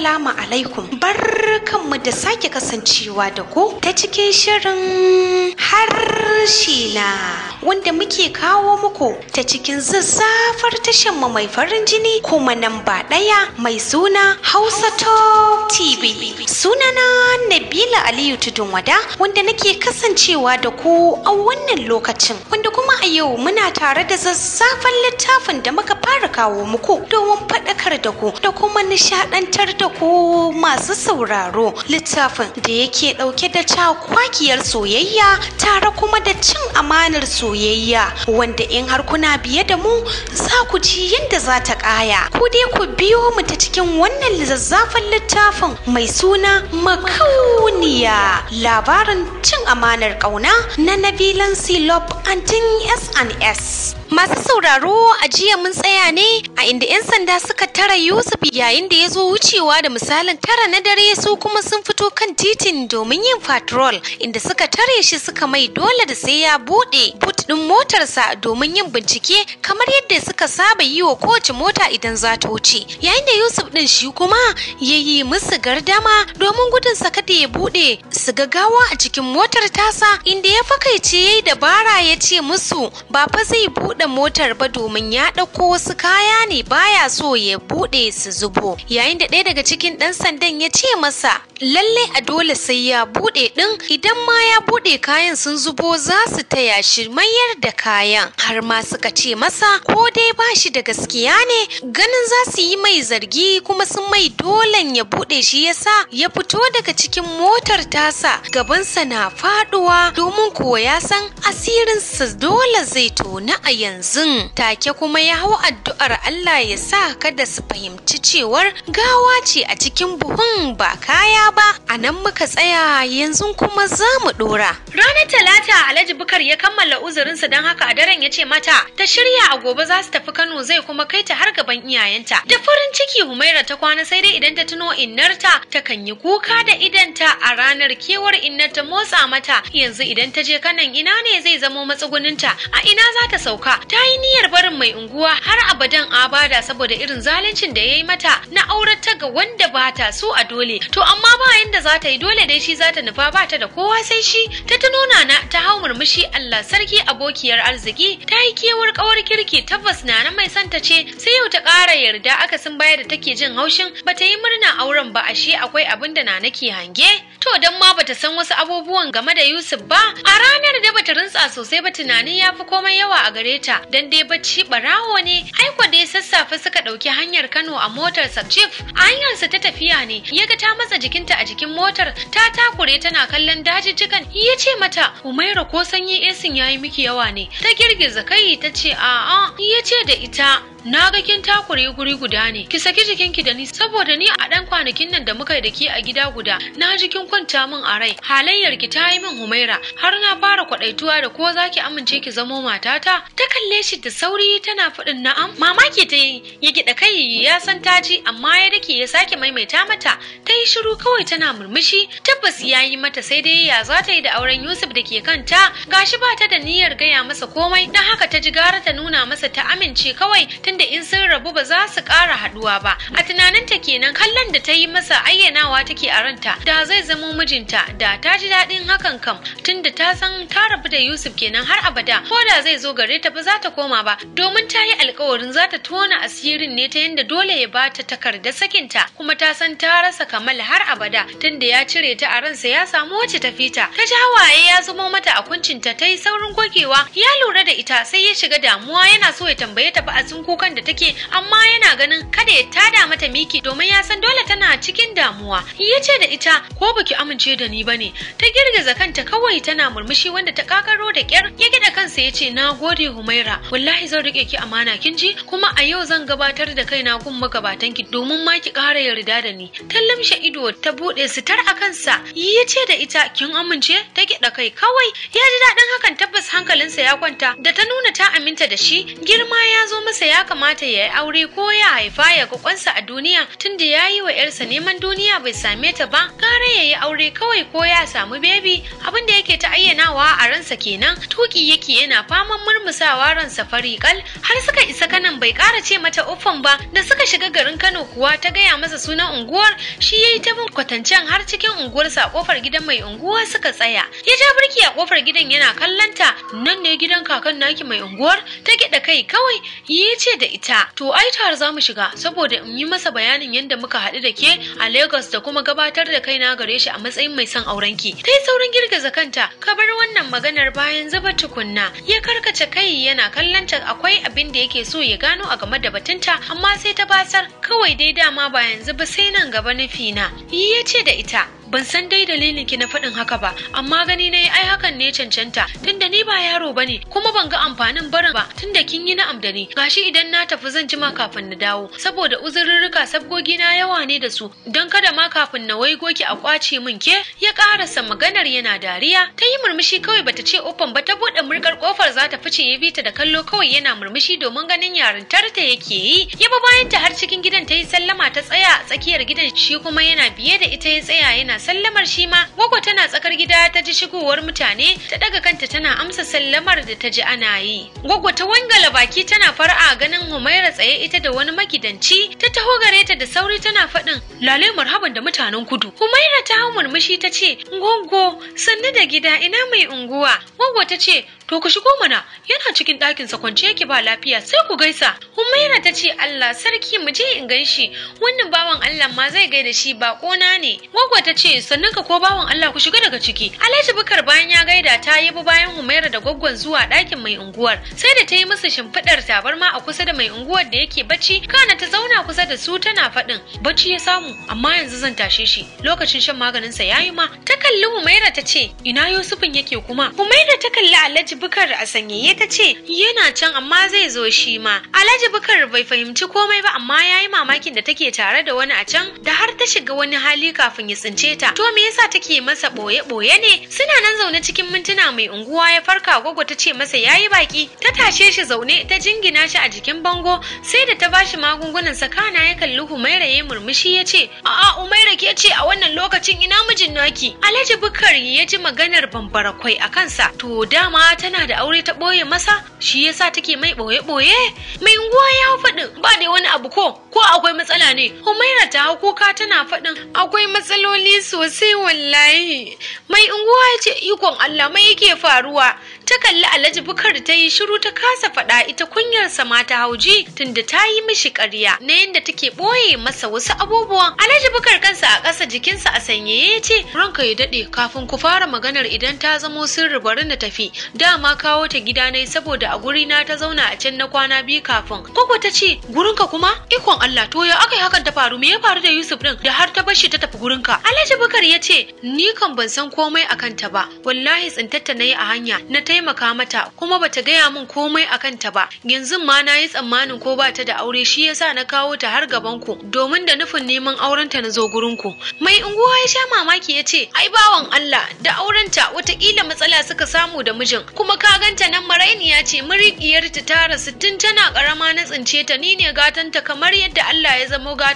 Assalamu alaikum barkanmu da sake kasancewa da ku ta cikin shirin harshe na wanda muke kawo muku ta cikin zazzafar tashan mu mai farin jini kuma nan ba ɗaya mai suna Hausa Top TV. Sunana Nabila Aliyu Tudun Wada wanda nake kasancewa da ku a wannan lokacin wanda kuma a yau muna tare da zazzafan littafin da muka fara kawo muku domin faɗakar da ku da kuma nishaɗantar da ku masu sauraro littafin da yake ɗauke da cakwakiyar soyayya tare kuma da cin amanar soyayya. soyayya wanda in har kuna biye da mu za ku ji yadda za ta kaya ku dai ku biyo mu ta cikin wannan zazzafan littafin mai suna makauniya labarin cin amanar ƙauna na nabilan silop antin s&s Masu sauraro a jiya mun tsaya ne a inda 'yan sanda suka tara Yusuf yayin da ya zo wucewa da misalin tara na dare su kuma sun fito kan titin domin yin patrol inda suka tare shi suka mai dole da sai ya buɗe but ɗin motarsa domin yin bincike kamar yadda suka saba yi wa kowace mota idan za ta wuce. Yayin da Yusuf ɗin shi kuma ya yi musu gardama domin gudun sa kada ya buɗe su gagawa a cikin motar tasa inda ya fakaice ya dabara ya ce musu ba fa zai buɗe buɗe motar ba domin ya ɗauko wasu kaya ne baya so ya buɗe su zubo yayin da ɗaya daga cikin ɗan sandan ya ce masa lalle a dole sai ya buɗe ɗin idan ma ya buɗe kayan sun zubo za su taya shi mayar da kayan har ma suka ce masa ko dai ba shi da gaskiya ne ganin za su yi mai zargi kuma sun mai dolen ya buɗe shi yasa ya fito daga cikin motar tasa gabansa na faɗuwa domin kuwa ya san asirinsa dole zai tona a yanzu yanzu take kuma ya hau addu'ar Allah ya sa kada su fahimci cewar gawa ce a cikin buhun ba kaya ba a nan muka tsaya yanzu kuma za mu dora ranar talata alhaji bukar ya kammala uzurinsa don haka a daren ya ce mata ta shirya a gobe za su tafi kano zai kuma kai ta har gaban iyayenta da farin ciki humaira ta kwana sai dai idan ta tuno innarta ta kan yi kuka da idanta a ranar kewar innar ta motsa mata yanzu idan ta je kanan ina ne zai zamo matsuguninta a ina za ta sauka ta yi niyyar barin mai unguwa har abadan abada saboda irin zaluncin da ya yi mata na aurata ga wanda ba ta so a dole to amma ba yanda za ta yi dole dai shi za ta nufa ba ta da kowa sai shi ta tuno na ta hau murmushi Allah sarki abokiyar arziki ta yi kewar kawar kirki tabbas nana mai santa ce sai yau ta kara yarda aka sun bayar da take jin haushin ba ta yi murna auren ba ashe akwai abin da nana ke hange to dan ma bata san wasu abubuwan game da Yusuf ba a ranar da bata rintsa sosai ba tunanin yafi fi komai yawa a gare ta Dande dan dai bacci barawo ne aiko dai sassafe suka ɗauki hanyar Kano a motarsa Chief a hanyarsa ta tafiya ne ya ga ta matsa jikinta a jikin motar ta takure tana kallon dajijjikan ya ce mata Umaira ko sanyi esin yayi miki yawa ne ta girgiza kai ta ce a'a ya ce da ita na ga kin takure guri guda ne ki saki jikinki da ni saboda ni a dan kwanakin nan da muka yi da ke a gida guda na ji kin kwanta min a rai halayyar ki ta yi min humaira har na fara kwadaituwa da ko za ki amince ki zamo matata ta kalle shi da sauri tana faɗin na'am mamaki ta yi ya gida kai ya san ta ji amma ya dake ya sake maimaita mata ta yi shiru kawai tana murmushi tabbas ya yi mata sai dai ya za ta yi da auren Yusuf da ke kanta gashi ba ta da niyyar gaya masa komai Dan haka ta ji gara ta nuna masa ta amince kawai ta tunda in sun rabu ba za su ƙara haɗuwa ba a tunaninta kenan kallon da ta yi masa ayyanawa take a ranta da zai zamo mijinta da ta ji daɗin hakan kam tunda ta san ta rabu da Yusuf kenan har abada ko da zai zo gare ta ba za ta koma ba domin ta yi alkawarin za ta tona asirin ne ta yadda dole ya ba ta takardar sakinta kuma ta san ta rasa kamal har abada tunda ya cire ta a ransa ya samu wacce ta fita ta ji hawaye ya zamo mata a kuncinta ta yi saurin gogewa ya lura da ita sai ya shiga damuwa yana so ya tambaye ta ba a sun kukan da take amma yana ganin kada ya tada mata miki domin ya san dole tana cikin damuwa yace da ita ko baki amince da ni bane ta girgiza kanta kawai tana murmushi wanda ta kakaro da kyar ya gida kansa ya ce na gode humaira wallahi zan rike ki amana kin ji kuma a yau zan gabatar da kaina gun magabatan ki domin ma ki kara yarda da ni ta lamshe ido ta bude sitar a kansa yace da ita kin amince ta gida kai kawai ya ji dadin hakan tabbas hankalinsa ya kwanta da ta nuna ta aminta da shi girma ya zo masa ya kamata ya yi aure ko ya haifa ya kwansa a duniya tunda ya yi wa yarsa neman duniya bai same ta ba gara ya yi aure kawai ko ya samu bebi abin da yake ta ayyanawa a ransa kenan tuki yake yana faman murmusawa ransa kal har suka isa kanan bai kara ce mata uffan ba da suka shiga garin Kano kuwa ta gaya masa sunan unguwar shi ya yi ta bin kwatancen har cikin unguwarsa a kofar gidan mai unguwa suka tsaya ya ja birki a kofar gidan yana kallanta nan ne gidan kakan naki mai unguwar ta gida kai kawai ya ce da ita to ai tare za mu shiga saboda in yi masa bayanin yadda muka haɗu da ke a Lagos da kuma gabatar da kaina gare shi a matsayin mai son auren ki ta yi saurin girgiza kanta ka bar wannan maganar bayan zuba tukunna ya karkace kai yana kallon ta akwai abin da yake so ya gano a game da batunta amma sai ta basar kawai dai dama ba yanzu ba sai nan gaba nufi na ya ce da ita ban san dai dalilin ki na faɗin haka ba amma gani yi ai hakan ne cancanta tunda ni ba yaro bane kuma ban ga amfanin barin ba tunda kin yi na'am da ni gashi idan na tafi zan jima kafin na dawo saboda uzurrurruka sabgogi na yawa ne da su don kada ma kafin na waigo ki a kwace min ke ya karasa maganar yana dariya ta yi murmushi kawai bata ce ofan ba ta buɗe murkar kofar za ta fice ya bi da kallo kawai yana murmushi domin ganin yarintar ta yake yi ya ba bayan ta har cikin gidan ta yi sallama ta tsaya a tsakiyar gidan shi kuma yana biye da ita ya tsaya yana sallamar shi ma gwaggo tana tsakar gida ta ji shigowar mutane ta daga kanta tana amsa sallamar da ta ji ana yi Gwagwa ta wangala baki tana fara'a ganin humaira tsaye ita da wani magidanci ta taho gare ta da sauri tana faɗin lale marhaban da mutanen kudu humaira ta hau murmushi ta ce gwaggo sannu da gida ina mai unguwa Gwagwa ta ce to ku shigo mana yana cikin ɗakin sa kwance yake ba lafiya sai ku gaisa humaira ta ce Allah sarki mu je in ganshi wannan bawan Allah ma zai gaida shi ba kona ne gogo ta ce sannan ka ko bawan Allah ku shiga daga ciki Alhaji Bakar bayan ya gaida ta yi bu bayan Humaira da gwaggon zuwa ɗakin mai unguwar sai da ta yi musu shimfiɗar tabarma a kusa da mai unguwar da yake bacci kana ta zauna kusa da su tana faɗin bacci ya samu amma yanzu zan tashe shi lokacin shan maganin sa yayi ma ta kalli Humaira ta ce ina Yusufin yake kuma Humaira ta kalli Alhaji bukar a ya ta ce yana can amma zai zo shi ma alhaji bukar bai fahimci komai ba amma ya yi mamakin da take tare da wani a can da har ta shiga wani hali kafin ya tsince ta to me yasa take masa boye boye ne suna nan zaune cikin mintuna mai unguwa ya farka gogo ta ce masa yayi baki ta tashe shi zaune ta jingina shi a jikin bango sai da ta bashi magungunan sakana ya kalli humaira ya murmushi ya ce a'a umaira ke ce a wannan lokacin ina mijin naki alhaji bukar ya ji maganar bambara kwai a kansa to dama ta yana da aure ta ɓoye masa shi yasa take mai ɓoye-ɓoye mai unguwa ya hau faɗin ba dai wani abu ko ko akwai matsala ne humaira ta hau kuka tana faɗin akwai matsaloli sosai wallahi mai unguwa ya ce ikon allah mai yake faruwa ta kalli alhaji bukar ta yi shiru ta kasa faɗa ita kunyarsa ma ta hauji tunda ta yi mishi ƙarya na yadda take ɓoye masa wasu abubuwan alhaji bukar kansa a ƙasa jikinsa a sanye ya ce ranka ya daɗe kafin ku fara maganar idan ta zamo sirri bari na tafi dama kawo ta gida na saboda a guri na ta zauna a can na kwana biyu kafin koko ta ce gurinka kuma ikon Allah to ya aka yi hakan ta faru me ya faru da Yusuf din da har ta bashi ta tafi gurinka alhaji bukar ya ce ni kan ban san komai akan ta ba wallahi tsintatta na yi a hanya na ta taimaka mata kuma bata gaya min komai a kanta ba yanzu ma na yi tsammanin ko ba ta da aure shi yasa na kawo ta har gaban ku domin da nufin neman aurenta na zo gurin ku mai unguwa ya sha mamaki ya ce ai bawan Allah da aurenta watakila matsala suka samu da mijin kuma ka ganta nan marainiya ce murikiyarta ta rasu tun tana karama na tsince ta ni ne ta kamar yadda Allah ya zamo ta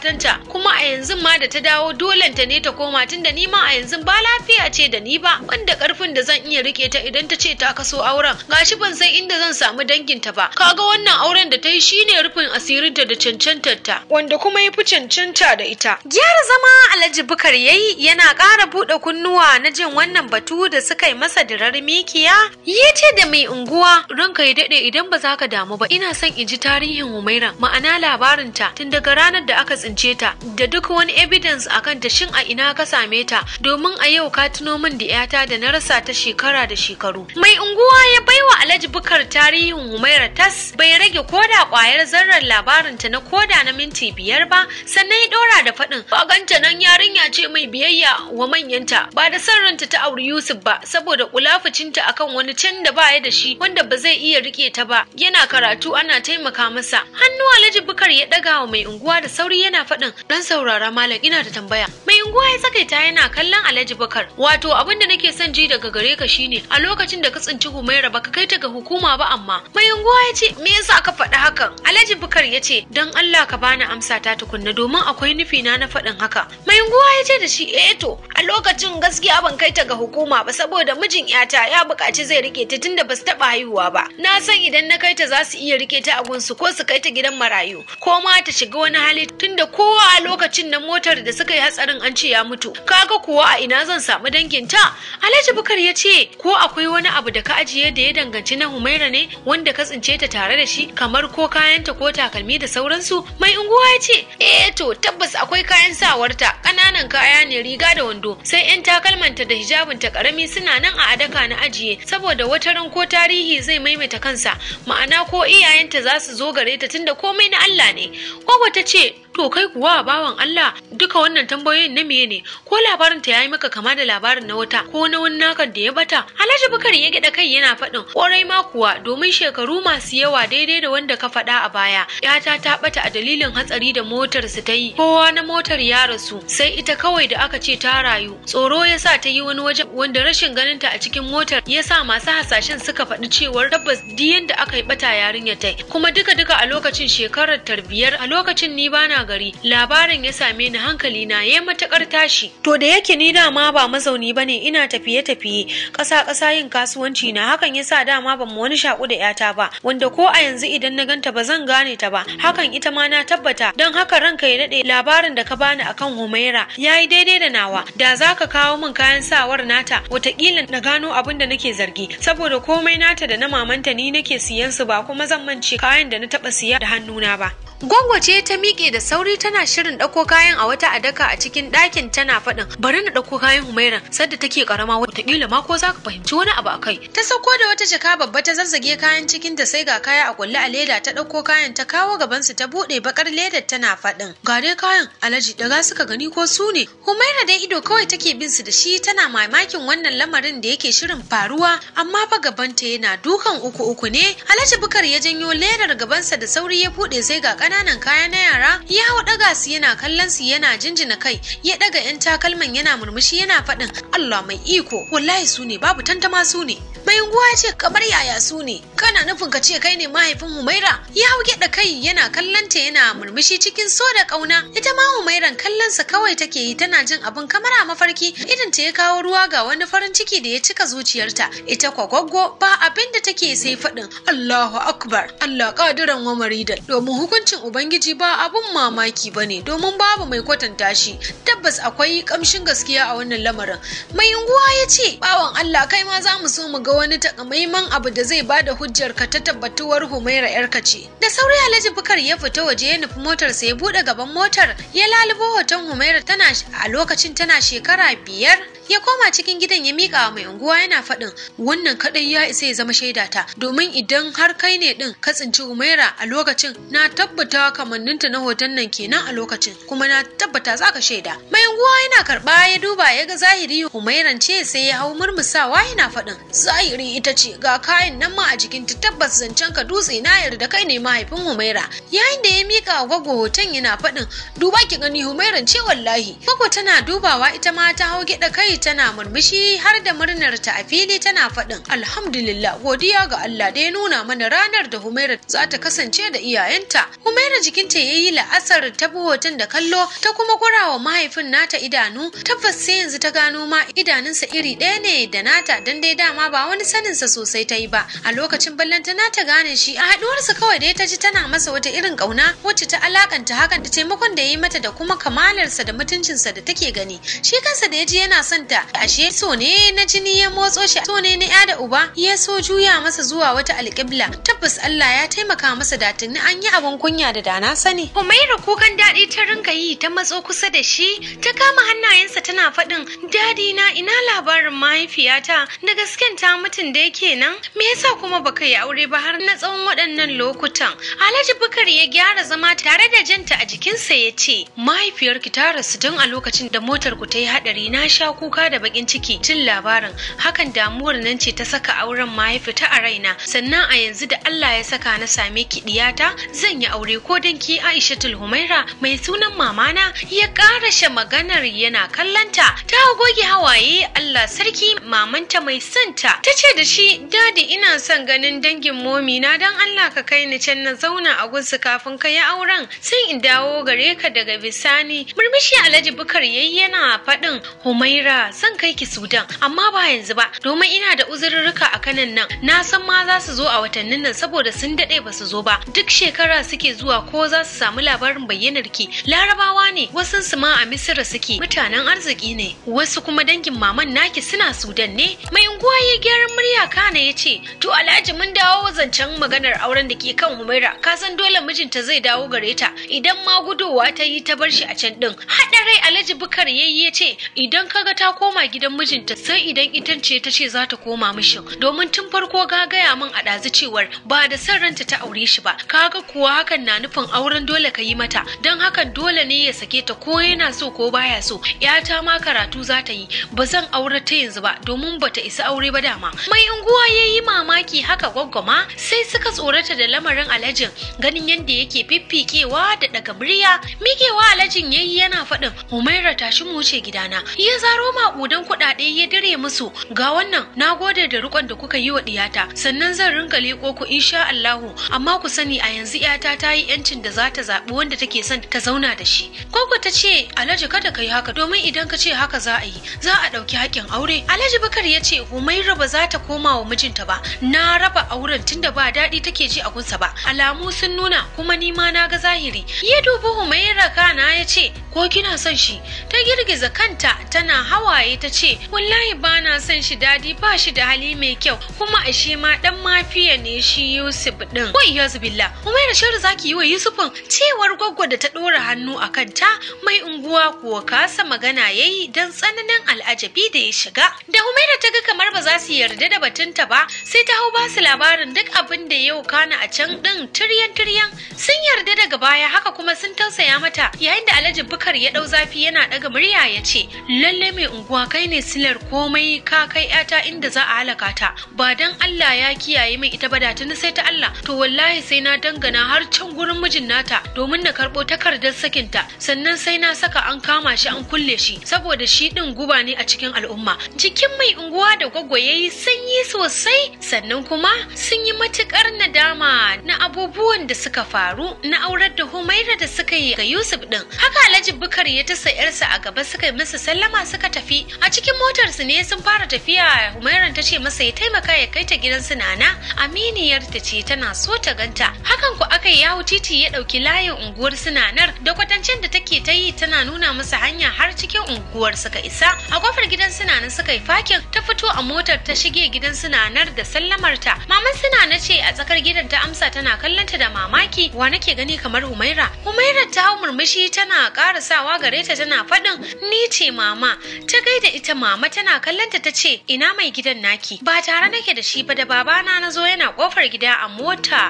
kuma a yanzu ma da ta dawo dolenta ne ta koma tunda ni ma a yanzu ba lafiya ce da ni ba wanda karfin da zan iya rike ta idan ta ce ta kaso so auren gashi ban san inda zan samu danginta ba kaga wannan auren da ta yi shine rufin asirinta da cancantar ta wanda kuma ya fi cancanta da ita gyara zama alhaji bukar yayi yana ƙara buɗe kunnuwa na jin wannan batu da suka yi masa dirar mikiya ya ce da mai unguwa ranka ya daɗe idan ba za ka damu ba ina son in ji tarihin umaira ma'ana labarin ta, tun daga ranar da aka tsince ta da duk wani evidence akan ta shin a ina ka same ta domin a yau ka tuno min da 'yata da na rasa ta shekara da shekaru mai unguwa kowa ya baiwa Alhaji Bukar tarihin Humaira Tas bai rage koda kwayar zarrar labarinta na koda na minti biyar ba sannan ya dora da faɗin baganta nan yarinya ce mai biyayya wa manyanta ba da san ranta ta auri Yusuf ba saboda kulafucinta akan wani can da ba ya da shi wanda ba zai iya rike ta ba yana karatu ana taimaka masa hannu Alhaji Bukar ya ɗaga wa mai unguwa da sauri yana faɗin dan saurara malam ina da tambaya mai unguwa ya sakaita yana kallon Alhaji Bukar wato abin da nake son ji daga gare ka shine a lokacin da ka tsinci ci Humaira baka kai ta ga hukuma ba amma. Mai unguwa ya ce me yasa aka faɗi hakan? Alhaji Bukar ya ce don Allah ka bani amsa ta tukunna domin akwai nufi na na faɗin haka. Mai unguwa ya ce da shi eh to a lokacin gaskiya ban kai ta ga hukuma ba saboda mijin yata ya buƙaci zai rike ta tunda ba su taɓa haihuwa ba. Na san idan na kai ta za su iya rike ta a gunsu ko su kai ta gidan marayu ko ma ta shiga wani hali tunda kowa a lokacin na motar da suka yi hatsarin an ce ya mutu. Kaga kuwa a ina zan samu dangin ta? Alhaji Bukar ya ce ko akwai wani abu da ka ka ajiye da ya danganci na Humaira ne wanda ka tsince ta tare da shi kamar ko kayanta ko takalmi da sauransu mai unguwa ya ce eh to tabbas akwai kayan sawarta ƙananan kaya ne riga da wando sai 'yan takalmanta da hijabinta karami suna nan a adaka na ajiye saboda wata ran ko tarihi zai maimaita kansa ma'ana ko iyayenta za su zo gare ta tunda komai na Allah ne kogo ta ce to kai kuwa bawan Allah duka wannan tambayoyin na miye ne ko labarinta ya yi maka kama da labarin na wata ko na wani nakan da ya bata alhaji bukari ya gida kai kai yana faɗin ƙwarai ma kuwa domin shekaru masu yawa daidai da wanda ka faɗa a baya yata ta ɓata a dalilin hatsari da motar su ta yi kowa na motar ya rasu sai ita kawai da aka ce ta rayu tsoro ya sa ta yi wani wajen wanda rashin ganin ta a cikin motar ya sa masu hasashen suka faɗi cewar tabbas diyan da aka yi ɓata yarinyar ta kuma duka duka a lokacin shekarar tarbiyar a lokacin ni bana gari labarin ya same ni hankali na ya matakar tashi to da yake ni dama ba mazauni bane ina tafiye tafiye ƙasa kasa yin kasuwanci na hakan yasa dama ban mu wani shaku da yata ba wanda ko a yanzu idan na ganta ba zan gane ta ba hakan ita ma na tabbata don haka ranka ya dade labarin da ka bani akan Humaira ya yi daidai da nawa da zaka kawo min kayan sawar nata watakila na gano abin da nake zargi saboda komai nata da na mamanta ni nake siyan su ba kuma zan mance kayan da na taɓa siya da hannuna ba Gwangwa ce ta miƙe da sauri tana shirin ɗauko kayan a wata adaka a cikin ɗakin tana faɗin bari na ɗauko kayan Humaira sadda take ƙarama wataƙila ma ko za ka fahimci wani abu a kai. Ta sauko da wata jaka babba ta zazzage kayan cikin ta sai ga kaya a kulle a leda ta ɗauko kayan ta kawo gabansu ta buɗe bakar ledar tana faɗin. Ga dai kayan alaji daga suka gani ko su ne. Humaira dai ido kawai take bin su da shi tana mamakin wannan lamarin da yake shirin faruwa amma fa gabanta yana dukan uku uku ne. Alhaji Bukar ya janyo ledar gabansa da sauri ya buɗe sai ga ƙananan kaya na yara ya hau ɗaga su yana kallon su yana jinjina kai ya ɗaga 'yan takalman yana murmushi yana faɗin Allah mai iko wallahi su babu tantama su ne mai unguwa ce kamar yaya su ne kana nufin ka ce kai ne mahaifin humaira ya hau da kai yana kallon ta yana murmushi cikin so da kauna ita ma humairan kallon sa kawai take yi tana jin abin kamar a mafarki idan ta ya kawo ruwa ga wani farin ciki da ya cika zuciyarta ita kwagwaggo ba abin da take sai faɗin Allahu akbar Allah kadiran wa maridan domin hukuncin ubangiji ba abun mamaki bane domin babu mai kwatanta shi tabbas akwai kamshin gaskiya a wannan lamarin mai unguwa ya ce bawan Allah kai ma za mu so mu ga wani takamaiman abu da zai bada hujjar ka ta tabbatuwar Humaira yarka ce. Da sauri Alhaji Bukar ya fita waje ya nufi motar sa ya bude gaban motar ya lalubo hoton Humaira tana a lokacin tana shekara biyar ya koma cikin gidan ya mika wa mai unguwa yana faɗin wannan kaɗai ya isa ya zama shaidata. domin idan har kai ne ɗin ka tsinci umaira a lokacin na tabbata kamanninta na hoton nan kenan a lokacin kuma na tabbata za ka shaida mai unguwa yana karɓa ya duba ya ga zahiri umairan ce sai ya hau murmusawa yana faɗin zahiri ita ce ga kayan nan ma a jikin ta tabbas zancen ka dutse na yarda kai ne mahaifin humaira yayin da ya mika wa gwaggo hoton yana faɗin duba ki gani humairan ce wallahi gogo tana dubawa ita ma ta hau gida kai tana murmushi har da murnar ta a fili tana faɗin alhamdulillah godiya ga Allah da ya nuna mana ranar da Humaira za ta kasance da iyayenta. Humaira jikinta ya yi la'asar ta bi hoton da kallo ta kuma gurawa mahaifin nata idanu tabbas sai yanzu ta gano ma idanunsa iri ɗaya ne da nata dan dai dama ba wani saninsa sosai ta yi ba a lokacin ballanta nata gane shi a haɗuwarsa kawai da ta ji tana masa wata irin kauna wacce ta alakanta hakan da taimakon da ya yi mata da kuma kamalarsa da mutuncinsa da take gani shi kansa da ya ji yana son kanta ashe so ne na jini ya motso shi so ne na ya da uba ya so juya masa zuwa wata alƙibla tabbas Allah ya taimaka masa da tunni an yi abin kunya da dana sani Humaira kukan daɗi ta rinka yi ta matso kusa da shi ta kama hannayensa tana faɗin dadi na ina labarin mahaifiyata da gasken ta mutun da yake nan me yasa kuma baka yi aure ba har na tsawon waɗannan lokutan Alhaji Bukari ya gyara zama tare da janta a jikinsa ya ce mahaifiyarki ta rasu tun a lokacin da motar ku ta yi haɗari na sha kuka kuka da bakin ciki jin labarin hakan damuwar nan ce ta saka auren mahaifita a raina sannan a yanzu da Allah ya saka na same ki diyata zan yi aure ko danki ki Aishatul Humaira mai sunan mamana ya karashe maganar yana kallanta ta goge hawaye Allah sarki mamanta mai santa ta ce da shi dadi ina son ganin dangin momi na dan Allah ka kai ni can na zauna a gunsu kafin ka yi auren sai in dawo gare ka daga bisani murmushi Alhaji Bukar yayi yana faɗin Humaira son kai ki Sudan amma ba yanzu ba domin ina da uzurruka a kanan nan na san ma za su zo a watannin nan saboda sun dade ba su zo ba duk shekara suke zuwa ko za su samu labarin bayyanar ki larabawa ne wasu su ma a Misira suke mutanen arziki ne wasu kuma dangin maman naki suna Sudan ne mai unguwa ya gyaran murya kana yace. ce to Alhaji mun dawo zancen maganar auren da ke kan Humaira ka san dole mijinta zai dawo gare ta idan ma gudowa ta yi ta bar shi a can din rai Alhaji Bukar yayi ya ce idan kaga ta koma gidan mijinta sai idan itan ce ta ce za ta koma mishin domin tun farko ga gaya min a ɗazu cewar ba da san ranta ta aure shi ba kaga kuwa hakan na nufin auren dole ka yi mata don hakan dole ne ya sake ta ko yana so ko baya so ta ma karatu za ta yi ba zan aure ta yanzu ba domin ba ta isa aure ba dama mai unguwa ya yi mamaki haka gwaggwama sai suka tsorata da lamarin alhajin ganin yadda yake fiffikewa da daga murya mikewa alhajin yi yana faɗin humaira tashi mu wuce gidana ya zaro ma maƙudan kuɗaɗe ya dire musu ga wannan na gode da rikon da kuka yi wa ɗiyata sannan zan ringa leƙo ku insha Allahu amma ku sani a yanzu iyata ta yi yancin da za ta zaɓi wanda take son ta zauna da shi. Koko ta ce Alhaji kada ka yi haka domin idan ka ce haka za a yi za a ɗauki haƙƙin aure. Alhaji Bakar ya ce Humaira ba za ta koma wa mijinta ba na raba auren tunda ba daɗi take ji a gunsa ba alamu sun nuna kuma ni ma na ga zahiri. Ya dubi Humaira kana ya ce ko kina son shi ta girgiza kanta tana hawaye ta ce wallahi ba na son shi dadi ba shi da hali mai kyau kuma a shi ma dan mafiya ne shi Yusuf din wai Yusuf billah Umaira shiru zaki yi wa Yusufin cewar gwaggwa da ta dora hannu a kanta mai unguwa kuwa kasa magana yayi dan tsananin al'ajabi da ya shiga da Umaira ta ga kamar ba za su yarda da batunta ba sai ta hau basu labarin duk abin da yau kana a can din tiryan tiryan sun yarda daga baya haka kuma sun tausaya mata yayin da Alhaji abubakar ya ɗau zafi yana ɗaga murya ya ce lalle mai unguwa kai ne silar komai ka kai yata inda za a halaka ta ba dan Allah ya kiyaye mai ita bada tuni sai ta Allah to wallahi sai na dangana har can gurin mijin nata domin na karɓo takardar sakin ta sannan sai na saka an kama shi an kulle shi saboda shi ɗin guba ne a cikin al'umma cikin mai unguwa da gwaggo yayi sanyi sosai sannan kuma sun yi matukar nadama na abubuwan da suka faru na aurar da Humaira da suka yi ga Yusuf ɗin haka Alhaji Bukar ya tasa yarsa a gaba suka yi masa sallama suka tafi a cikin motar su ne sun fara tafiya Humairan ta ce masa ya taimaka ya kai ta gidan su nana aminiyar ta ce tana so ta ganta hakan ku aka yi yawo titi ya dauki layin unguwar su nanar da kwatancen da take ta yi tana nuna masa hanya har cikin unguwar suka isa a kofar gidan su nanar suka yi fakin ta fito a motar ta shige gidan su nanar da sallamar ta maman su nana ce a tsakar gidan ta amsa tana kallon ta da mamaki wa nake gani kamar Humaira Humaira ta hau murmushi tana ƙara sawa gare ta tana faɗin ni ce mama ta gaida ita mama tana kallonta ta ce ina mai gidan naki ba tare nake da shi ba da babana na zo yana kofar gida a mota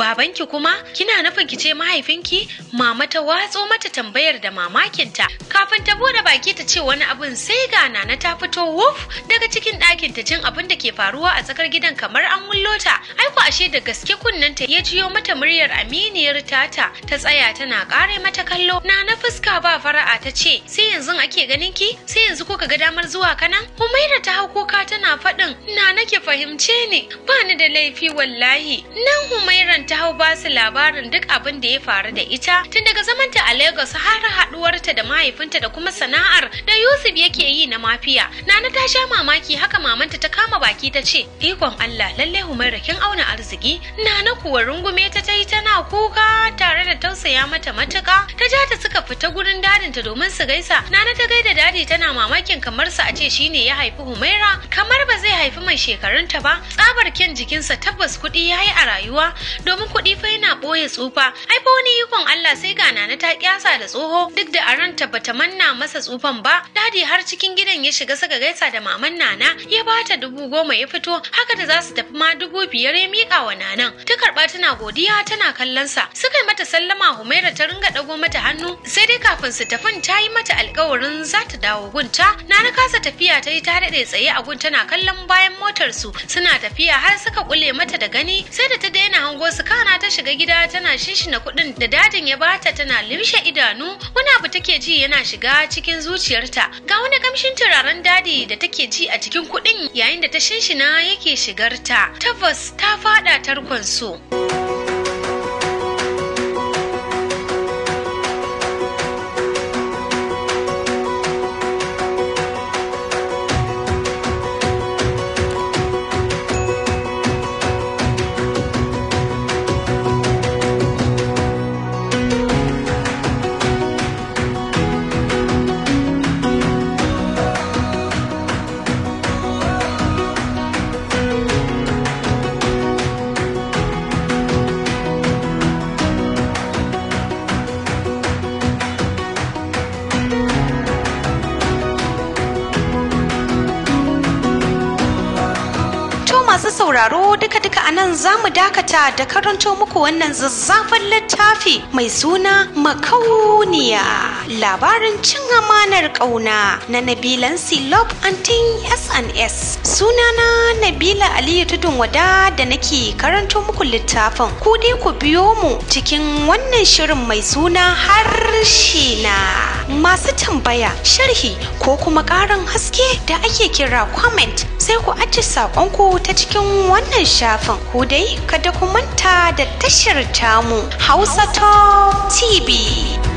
babanki kuma kina nufin ki ce mahaifinki mama ta watso mata tambayar da mamakinta kafin ta bude baki ta ce wani abun, sai ga nana ta fito wuf daga cikin ɗakin ta jin abin da ke faruwa a tsakar gidan kamar an wullota aiko ashe da gaske kunnanta ya jiyo mata muryar aminiyar tata ta tsaya tana kare mata kallo na na fuska ba fara'a ta ce sai yanzu ake ganin ki sai yanzu ko kaga ga damar zuwa kanan Humaira ta hau kuka tana faɗin na nake fahimce ni ba ni da laifi wallahi nan Humairan ta hau basu labarin duk abin da ya faru da ita tun daga zamanta a Lagos har haɗuwarta da mahaifinta da kuma sana'ar da Yusuf yake yi na mafiya Nana ta sha mamaki haka mamanta ta kama baki ta ce ikon Allah lallai Humaira kin auna arziki Nana kuwa rungume ta ta yi tana kuka tare da tausaya mata matuka ta ja ta suka fita gudu wurin ta domin su gaisa nana ta gaida dadi tana mamakin kamar sa a ce shine ya haifi humaira kamar ba zai haifi mai shekarunta ba tsabar kyan jikinsa tabbas kuɗi ya a rayuwa domin kuɗi fa yana ɓoye tsufa ai fa wani ikon Allah sai ga nana ta kyasa da tsoho duk da aran ta bata manna masa tsufan ba dadi har cikin gidan ya shiga saka gaisa da maman nana ya bata dubu goma ya fito haka da za su tafi ma dubu biyar ya mika wa nanan ta karba tana godiya tana kallon sa suka yi mata sallama humaira ta ringa dago mata hannu sai dai kafin su tafin ta yi mata alkawarin za ta dawo gunta na na kasa tafiya ta yi ta daɗe tsaye a gunta na kallon bayan motar su suna tafiya har suka kule mata da gani sai da ta daina hango su kana ta shiga gida tana shinshina kuɗin da dadin ya bata tana limshe idanu wani abu take ji yana shiga cikin zuciyarta ga wani kamshin turaren dadi da take ji a cikin kuɗin yayin da ta shinshina yake shigarta tabbas ta faɗa tarkon su. a nan za mu dakata da karanto muku wannan zazzafan littafi mai suna makauniya labarin cin amanar ƙauna na Nabilan Silop Antin suna Sunana Nabila Aliyu Tudun Wada da nake karanto muku littafin. Ku dai ku biyo mu cikin wannan shirin mai suna harshe na masu tambaya sharhi ko kuma ƙarin haske da ake kira comment sai ku aji saƙonku ta cikin wannan shafin ku dai kada ku manta da tashar tamu hausa talk tv